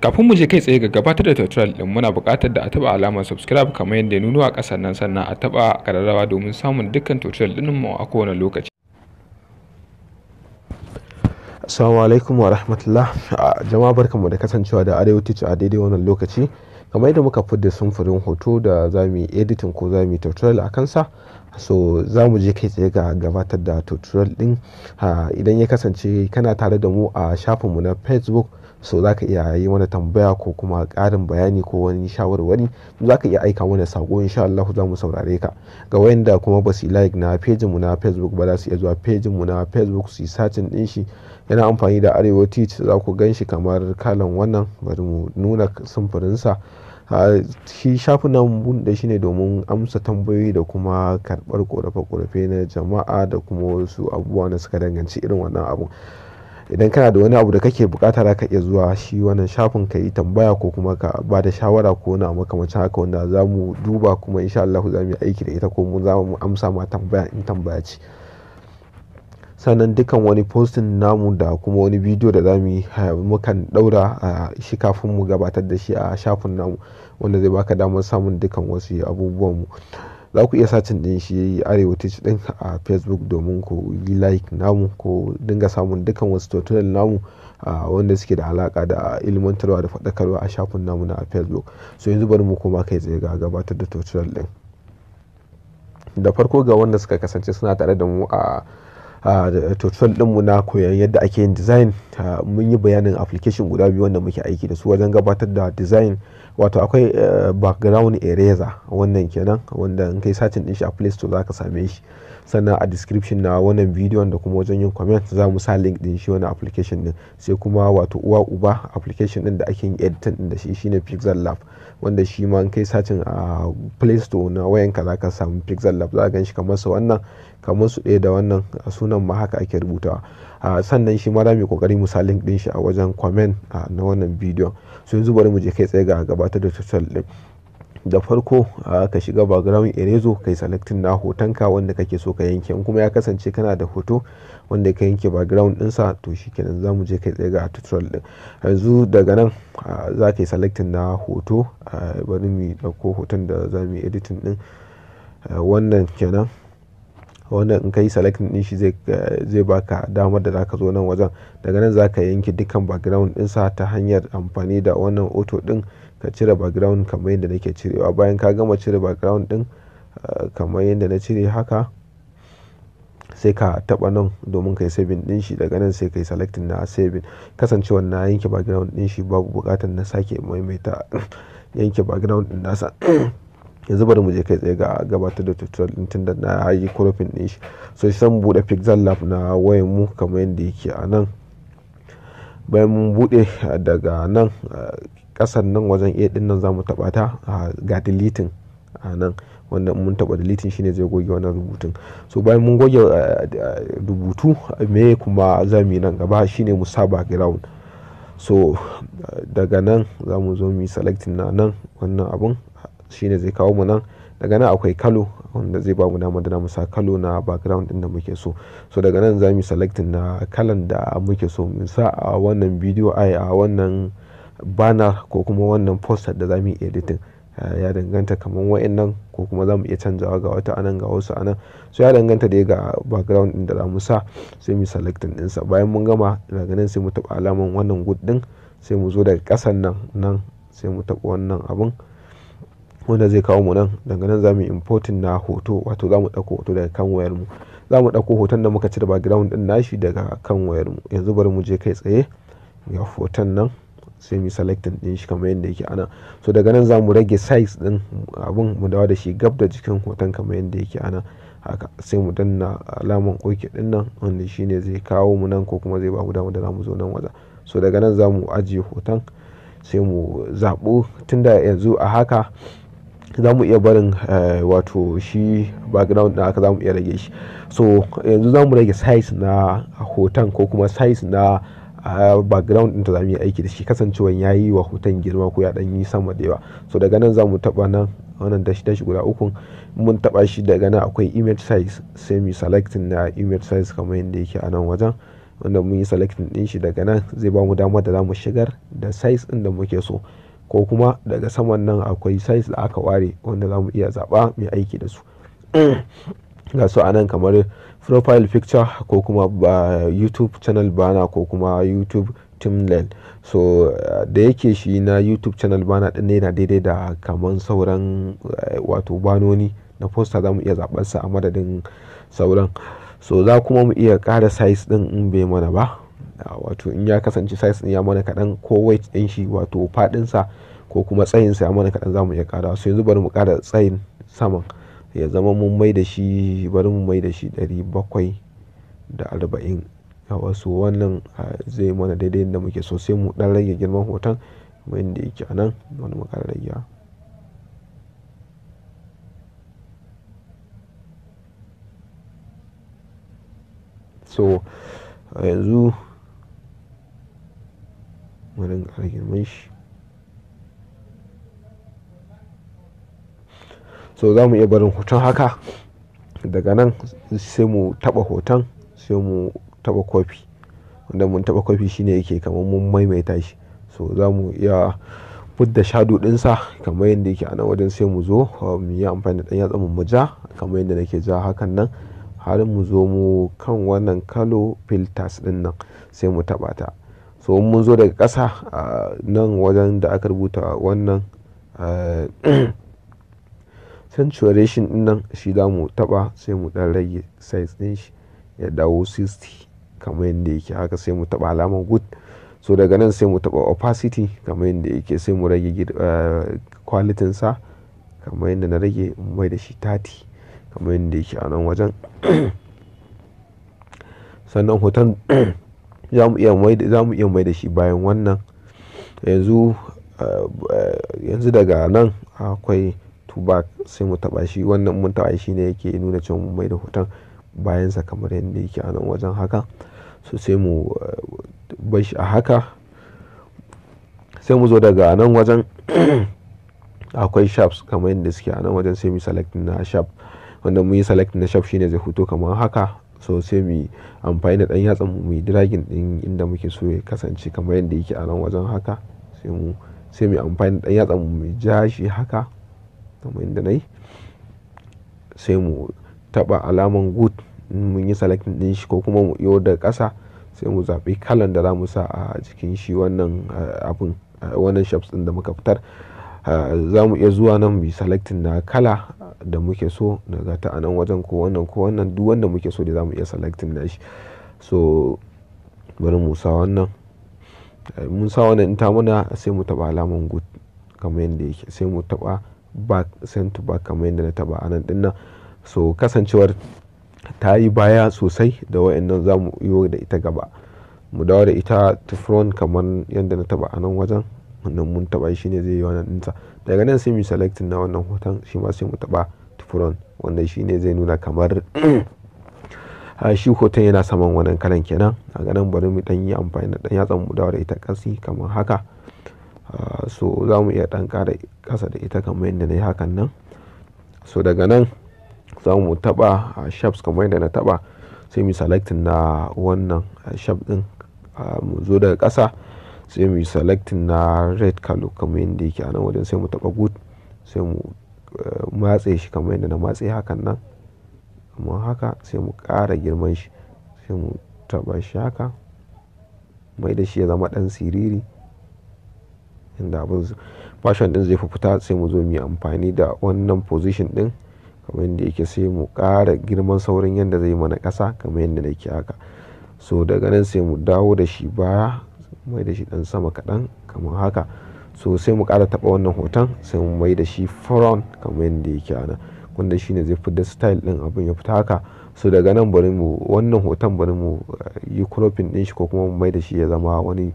kafin mu je kai tsaye ga gabatar da tutorial din muna buƙatar da a taba alamar subscribe kamar yadda ya nuno a ƙasar nan sannan a taba ƙararrawa domin samun dukkan tutorial din mu a kowane lokaci Assalamu alaikum wa rahmatullah jama'a barkanmu da kasancewa da Arewa Teach a daidai wannan lokaci kamar yadda muka da sumfurin hoto da za mu yi editing ko za mu yi tutorial a kansa so za mu je kai tsaye ga gabatar da tutorial din idan ya kasance kana tare da mu a shafinmu na facebook so za ka iya yi wani tambaya ko kuma ƙarin bayani ko wani shawarwari za ka iya aika wani sako insha Allah za mu saurare ka ga wayanda kuma ba su like na pejin mu na facebook ba za su iya zuwa pejin mu na facebook su yi sacin din shi yana amfani da arewa teach za ku gan shi kamar kalan wannan bari mu nuna sumfurinsa shi shafin nan buɗe shi ne domin amsa tambayoyi da kuma karɓar korafe-korafe na jama'a da kuma wasu abubuwa na suka danganci irin wannan abu idan kana da wani abu da kake bukata za ka iya zuwa shi wannan shafin ka yi tambaya ko kuma ka ba da shawara ko na makamacin haka wanda za mu duba kuma insha Allah za mu yi aiki da ita ko mu za mu amsa ma tambaya in tambaya ce sannan dukan wani postin namu da kuma wani bidiyo da mu yi eh, mukan daura eh, shi kafin mu gabatar da shi a shafin namu wanda zai baka damar samun dukan wasu abubuwan mu za ku iya sacin din shi arewa ta ɗin a facebook domin ku yi like namu ko dinga samun dukkan wasu tutorial namu wanda suke da alaka da ilmantarwa da faɗakarwa a shafin namu na facebook so yanzu bari mu koma kai tsaye ga gabatar da tutorial din da farko ga wanda suka kasance suna tare da mu a tutorial ah, dinmu na koyon yadda ake yin design ah, mun yi bayanin application guda biyu wanda muke aiki da su wajen gabatar da design wato akwai eh, background eraser wannan kenan wanda in kai satin din shi a play store zaka same shi sannan a description na wannan bidiyon da kuma wajen yin comment za mu sa link din shi wani application din sai kuma wato uwa uba application din da ake yin editing din da shi shine pixel lab wanda shi ma kai sacin a play store na wayan ka zaka samu pixel lab za ka ganshi kamar sa wannan kamar su ɗaya da wannan sunan ma haka ake rubutawa sannan shi ma za mu kokari mu sa link din shi a wajen comment na wannan bidiyon so yanzu bari mu je kai tsaye ga gabatar da tutorial din da farko ka shiga background erezo kai selecting na hotonka wanda kake so ka yanke in kuma ya kasance kana da hoto wanda ka yanke background dinsa to shikenan za mu je kai tsaye ga tutorial din yanzu daga nan za ka yi selecting na hoto bari mu dauko hoton da za mu yi editing din wannan kenan wannan in ka yi selecting din shi zai baka damar da zaka zo nan wajen daga nan za ka yanke dukkan background dinsa ta hanyar amfani da wannan auto din ka cire background kamar yadda nake cirewa bayan ka gama cire background din eh, kamar yadda na cire haka sai ka taba nan domin kai saving din shi daga nan sai kai selecting na saving kasancewa na yanke background din shi babu bukatar na sake maimaita yanke background din nasa yanzu bari mu je kai tsaye ga gabatar da tutorial din tunda na yi cropping din shi so sai mu bude pixel lab na wayan mu kamar yadda yake a nan bayan mun bude eh, daga nan eh, kasan nan wajen a ɗinnan nan za mu taɓa ta ga deleting a nan wanda mun taba deleting shine zai goge wannan rubutun so bayan mun goge rubutu me kuma za nan gaba shine mu sa background so daga nan za mu zo mu yi selecting na nan wannan abun shine zai kawo mu nan daga nan akwai kalo wanda zai ba mu dama da mu sa kalo na background din da muke so so daga nan za mu selecting na kalan da muke so mu sa a wannan bidiyo ai a wannan bana ko kuma wannan poster da za mu yi editing eh, ya danganta kamar wa'annan ko kuma za mu iya canzawa ga wata anan ga wasu anan so ya danganta dai ga background din da za mu sa sai mu selecting ɗinsa bayan mun gama daga nan sai mu taba alaman wannan good ɗin sai mu zo daga kasan nan nan sai mu taɓa wannan abun wanda zai kawo mu nan daga nan za mu na hoto wato za mu ɗauko hoto daga kan wayarmu mu za mu ɗauko hoton da muka cire background ɗin nashi daga kan wayar mu yanzu bari mu je kai tsaye ga hoton nan sai mu selectin din shi kamar yadda yake ana so daga nan za mu rage size din abin mu dawo da shi gab da jikin hoton kamar yadda yake ana haka sai mu danna alaman ok din nan wanda shine zai kawo mu nan ko kuma zai ba mu damu da mu zo nan waza so daga nan za mu ajiye hoton sai mu zabo tunda yanzu a haka za mu iya barin eh, wato shi background na haka za mu iya rage shi so yanzu za mu rage size na hoton ko kuma size na a background ɗinta za mu yi aiki da shi kasancewa ya yi wa hoton girma ko ya ɗan yi sama da yawa so daga nan za mu taɓa nan wannan dashi dashi guda uku mun taɓa shi daga nan akwai image size sai mu selecting na image size kamar yadda yake a nan wajen wanda mun yi selecting ɗin shi daga nan zai ba mu damar da za mu shigar da size ɗin da muke so ko kuma daga saman nan akwai size da aka ware wanda za mu iya zaɓa mai aiki da su ga su anan kamar profile picture ko kuma youtube channel bana ko kuma youtube thumbnail so da yake shi na youtube channel bana din na daidai da kaman sauran eh, wato banoni na poster zamu mu iya zaɓarsa a madadin sauran so za kuma mu iya ƙara size din in bai mana ba wato in ya kasance size din ya mana kaɗan ko weight din shi wato faɗinsa ko kuma tsayinsa ya mana kaɗan zamu iya ƙara so yanzu bari mu ƙara tsayin saman ya zama mun mai da shi bari mu mai da shi ɗari bakwai da arba'in. a wasu wannan zai mana daidai da muke sosai mu ɗan rage girman hoton kamar yake a nan wani mu So a yanzu wani girman shi. so za mu iya barin hoton haka daga nan sai mu taba hoton sai mu taba kofi wanda mun taba kofi shine yake kamar mun maimaita shi so za mu iya fudda shadu dinsa kamar yadda yake ana wajen sai mu zo um, mu yi amfani da ɗan yatsa mu ja kamar yadda nake ja hakan nan har mu zo mu kan wannan kalo filters din nan sai mu taba ta so mun zo daga ƙasa uh, nan wajen da aka rubuta wannan uh, saturation din nan shi za mu taɓa sai mu ɗan rage size din shi ya dawo 60 kamar yadda yake haka sai mu taɓa alamar good so daga nan sai mu taɓa opacity kamar yadda yake sai mu rage kwalitin eh, sa kamar yadda na rage mai da shi 30 kamar yadda yake a nan wajen sannan hoton za mu iya mai da shi bayan wannan yanzu eh, eh, yanzu daga nan akwai back sai mu taba shi wannan mun taba shi ne yake nuna cewa mun maida da hoton bayansa kamar yadda yake a nan wajen haka so sai mu eh, bar shi a haka sai mu zo daga nan wajen akwai sharps kamar yadda suke a nan wajen sai mu select na shaf wanda mu yi select na shaf shine zai hoto kamar haka so sai mu amfani da dan yatsan mu yi dragging din inda muke so ya kasance kamar yadda yake a nan wajen haka sai mu sai mu amfani da dan yatsan mu ja shi haka kamar yadda na yi sai mu taɓa alaman good mun yi selecting din shi ko kuma mu iyo da ƙasa sai mu zaɓi kalan da za mu sa a jikin shi wannan eh, abin eh, wannan shops ɗin da muka fitar eh, za mu iya zuwa nan mu selecting na kala da muke so daga ta anan wajen ko wannan ko wannan duk wanda muke so da za mu iya selecting na shi so bari mu sa wannan mun sa wannan in ta muna sai mu taɓa alaman good kamar yadda yake sai mu taɓa back to back kamar yadda na taba anan dinnan so kasancewar ta yi baya sosai da wayannan za mu yi da ita gaba mu dawo da ita to front kamar yadda na taba anan wajen wannan mun taba shi ne zai yi wannan dinsa daga nan sai mu select na wannan hoton shi ma sai mu taba to front wanda shi ne zai nuna kamar shi hoton yana saman wannan kalan kenan a ganin bari mu dan yi amfani da dan yatsan mu dawo da ita kasi kamar haka Ah, so za mu iya dan kara kasa da ita kamar yadda na yi hakan nan so daga nan za mu taɓa a ah, shafs kamar yadda na taɓa sai mu selecting na wannan ah, shaf ɗin mu zo daga kasa sai mu selecting na red color kamar yadda yake a nan wajen sai mu taɓa good sai mu eh, matse shi kamar yadda na matse hakan nan amma haka sai mu ƙara girman shi sai mu taɓa shi haka mai da shi ya zama ɗan siriri inda abin fashion din zai fi fita sai mu zo mu yi amfani da wannan position din kamar yadda yake sai mu kara girman saurin yadda zai mana kasa kamar yadda na ke haka so daga nan sai mu dawo da shi baya mai da shi dan sama kaɗan kamar haka so sai mu kara taɓa wannan hoton sai mu mai da shi front kamar yadda yake ana wanda shine zai fi da style din abin ya fita haka so daga nan bari mu wannan hoton bari mu yi cropping din shi ko kuma mu mai da shi ya zama wani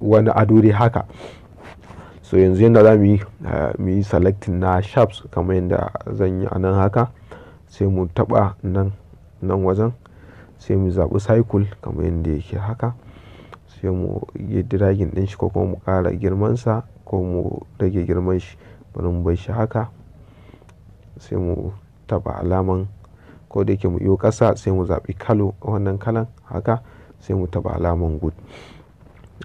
wani ado dai haka so yanzu yadda za mu yi selecting na sharps kamar yadda zan yi a nan haka sai mu taba nan nan wajen sai mu zaɓi cycle kamar yadda yake haka sai mu yi dragging ɗin shi ko kuma mu ƙara girmansa ko mu rage girman shi bari mu bai shi haka sai mu taba alaman ko da yake mu iyo ƙasa sai mu zaɓi kalo wannan kalan haka sai mu taba alaman good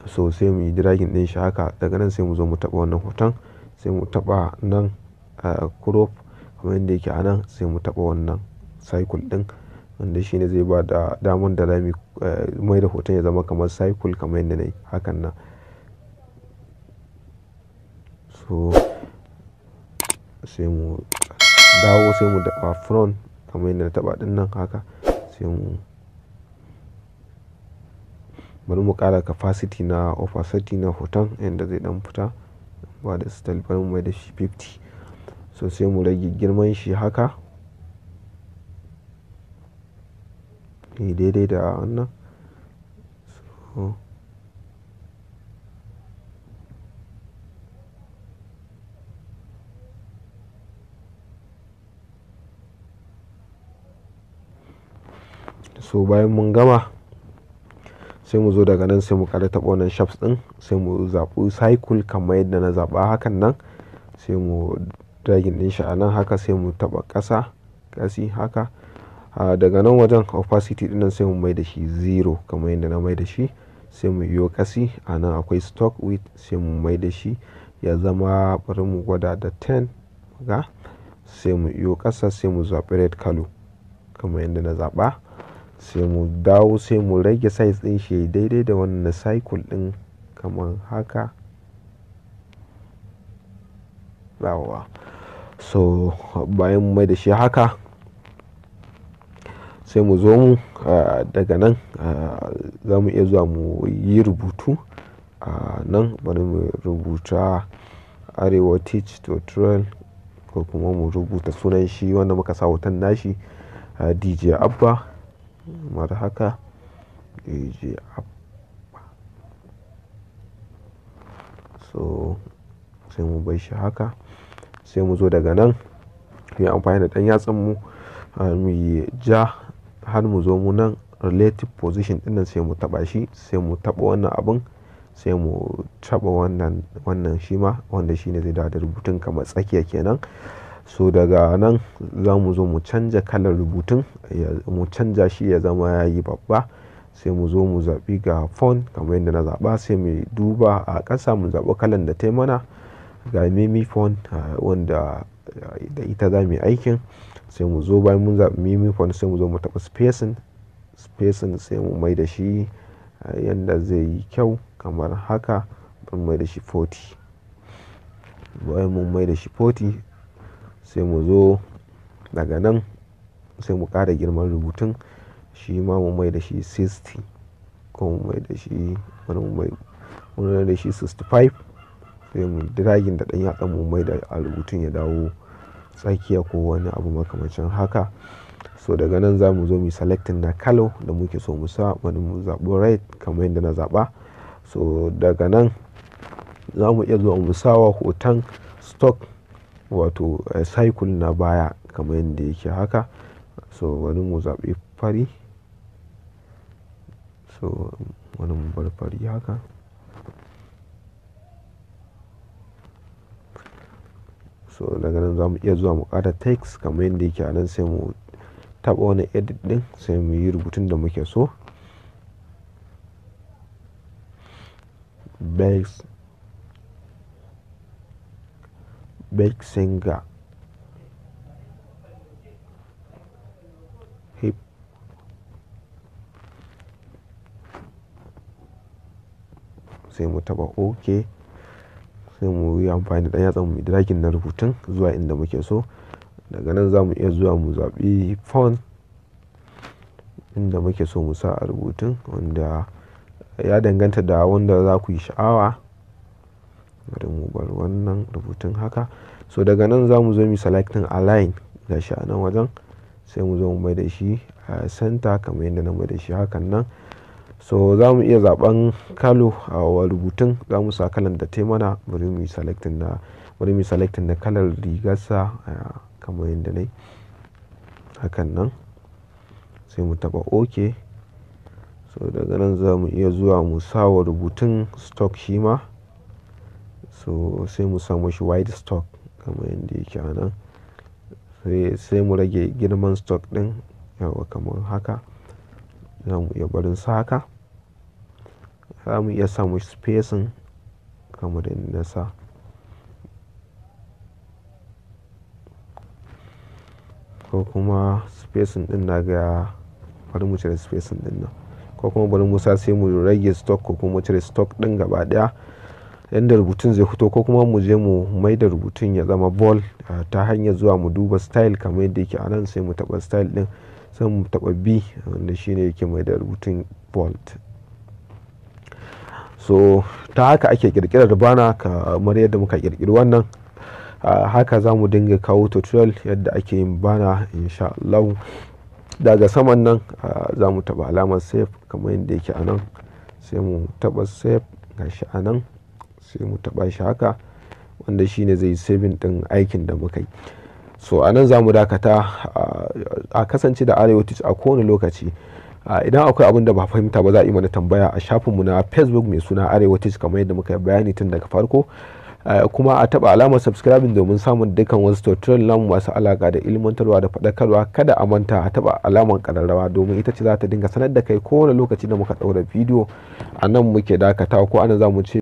So sai muyi dragging din shi haka daga nan sai mu zo mu taɓa wannan hoton sai mu taɓa nan a crop kamar yadda yake a nan sai mu taba wannan cycle ɗin wanda shi ne zai ba da daman da rami eh, mai da hoton ya zama kamar cycle kamar yadda na yi hakan nan. So sai mu dawo sai mu taɓa front kamar yadda na taɓa ɗin nan haka sai mu. bari mu ƙara capacity na opacity na hoton yadda zai ɗan fita ba da style bari mu mai da shi 50 so sai mu rage girman shi haka daidai da wannan so so bayan mun gama sai mu zo daga nan sai mu kare taɓa wannan shafs ɗin sai mu zaɓi cycle kamar yadda na zaɓa hakan nan sai mu dragging ɗin shi a nan haka sai mu taɓa ƙasa ƙasi haka daga nan wajen opacity ɗin nan sai mu mai da shi zero kamar yadda na mai da shi sai mu yi ƙasi a nan akwai stock width sai mu mai da shi ya zama bari mu gwada da 10 ga sai mu iyo ƙasa sai mu zaɓi red color kamar yadda na zaɓa sai mu dawo sai mu rage size din shi daidai da wannan cycle ɗin kamar haka yawwa so bayan mai da shi haka sai mu zo mu daga nan za mu iya zuwa mu yi rubutu a nan bari mu rubuta arewa teach tutorial ko kuma mu rubuta sunan shi wanda muka sa hoton nashi dj abba Mar haka DJ So sai mu bai shi haka sai mu zo daga nan yi amfani da ɗan yatsan ah, mu yi ja har mu zo mu nan relative position ɗinnan sai mu taɓa shi sai mu taɓa wannan abun sai mu taɓa wannan shi ma wanda shine zai dawo da rubutun kamar tsakiya kenan. so daga nan za mu zo mu canja kalar rubutun mu canja shi ya zama ya yi babba sai mu zo mu zaɓi ga phone kamar yadda na zaɓa sai mu duba a ƙasa mu zaɓi kalan da ta mana ga mimi phone wanda da ita za mu yi aikin sai mu zo bayan mun zaɓi mimi phone sai mu zo mu taɓa spacing spacing sai mu mai da shi yadda zai yi kyau kamar haka mun mai da shi 40 bayan mun mai da shi 40 sai mu zo daga nan sai mu ƙara girman rubutun shi ma mu mai da shi 60 ko mu mai da shi wani mu mai da shi 65 sai mu dragin da ɗan mu mai da a rubutun ya dawo tsakiya ko wani abu makamancin haka so daga nan za mu zo mu selecting na kalo da muke so mu sa wani mu zaɓi right kamar yadda na zaɓa so daga nan za mu iya zuwa mu sawa hoton stock wato eh, cycle na baya kamar yadda yake haka so wani mu zaɓi fari so wani mu bar fari haka so daga nan za mu iya zuwa mu ƙara text kamar yadda yake a nan sai mu taɓa wani edit ɗin sai mu yi rubutun da muke so base Bensinga, Hip sai mu taba OK sai mu yi amfani da ɗan yatsan mu dirakin na rubutun zuwa inda muke so daga nan za mu iya zuwa mu zaɓi phone inda muke so mu sa a rubutun wanda ya danganta da wanda za ku yi sha'awa bari mu bar wannan rubutun haka so daga nan za mu zo mu selecting align ga shi a nan wajen sai mu zo mu mai da shi a center kamar yadda na mai da shi hakan nan so za mu iya zaben kalo a rubutun za mu sa kalan da taimana. mana bari mu selecting na bari mu selecting na kalar rigarsa kamar yadda ne hakan nan sai mu taba ok so daga nan za mu iya zuwa mu sa wa rubutun stock shi ma so sai mu samu shi wide stock kamar yadda yake nan sai mu rage girman stock ɗin yawa kamar haka za mu iya barin su haka za mu iya samu spacing kamar yadda na sa ko kuma spacing ɗin na ga bari mu cire spacing din nan ko kuma bari mu sa sai mu rage stock ko kuma cire stock ɗin gaba ɗaya yadda rubutun zai fito ko kuma mu je mu mai da rubutun ya zama ball ah, ta hanyar zuwa mu duba style kamar yadda yake a nan sai mu taba style din sai mu taba b wanda shine yake mai da rubutun bolt so ta haka ake kirkirar bana kamar yadda muka kirkiri wannan ah, haka za mu dinga kawo tutorial yadda ake yin bana insha Allah daga saman nan ah, za mu taba alamar save kamar yadda yake a nan sai mu taba save gashi a nan sai mu taba shi haka wanda ne zai saving din aikin da muka yi so a nan za mu dakata a kasance da arewa a kowane lokaci idan akwai abin da ba fahimta ba za a yi mana tambaya a shafinmu na facebook mai suna arewa kamar yadda muka bayani tun daga farko kuma a taba alamar subscribing domin samun dukkan wasu tutorial namu masu alaka da ilmantarwa da faɗakarwa kada a manta a taba alamar kararrawa domin ita ce za ta dinga sanar da kai kowane lokaci da muka ɗaura bidiyo a nan muke dakata ko ana za mu ce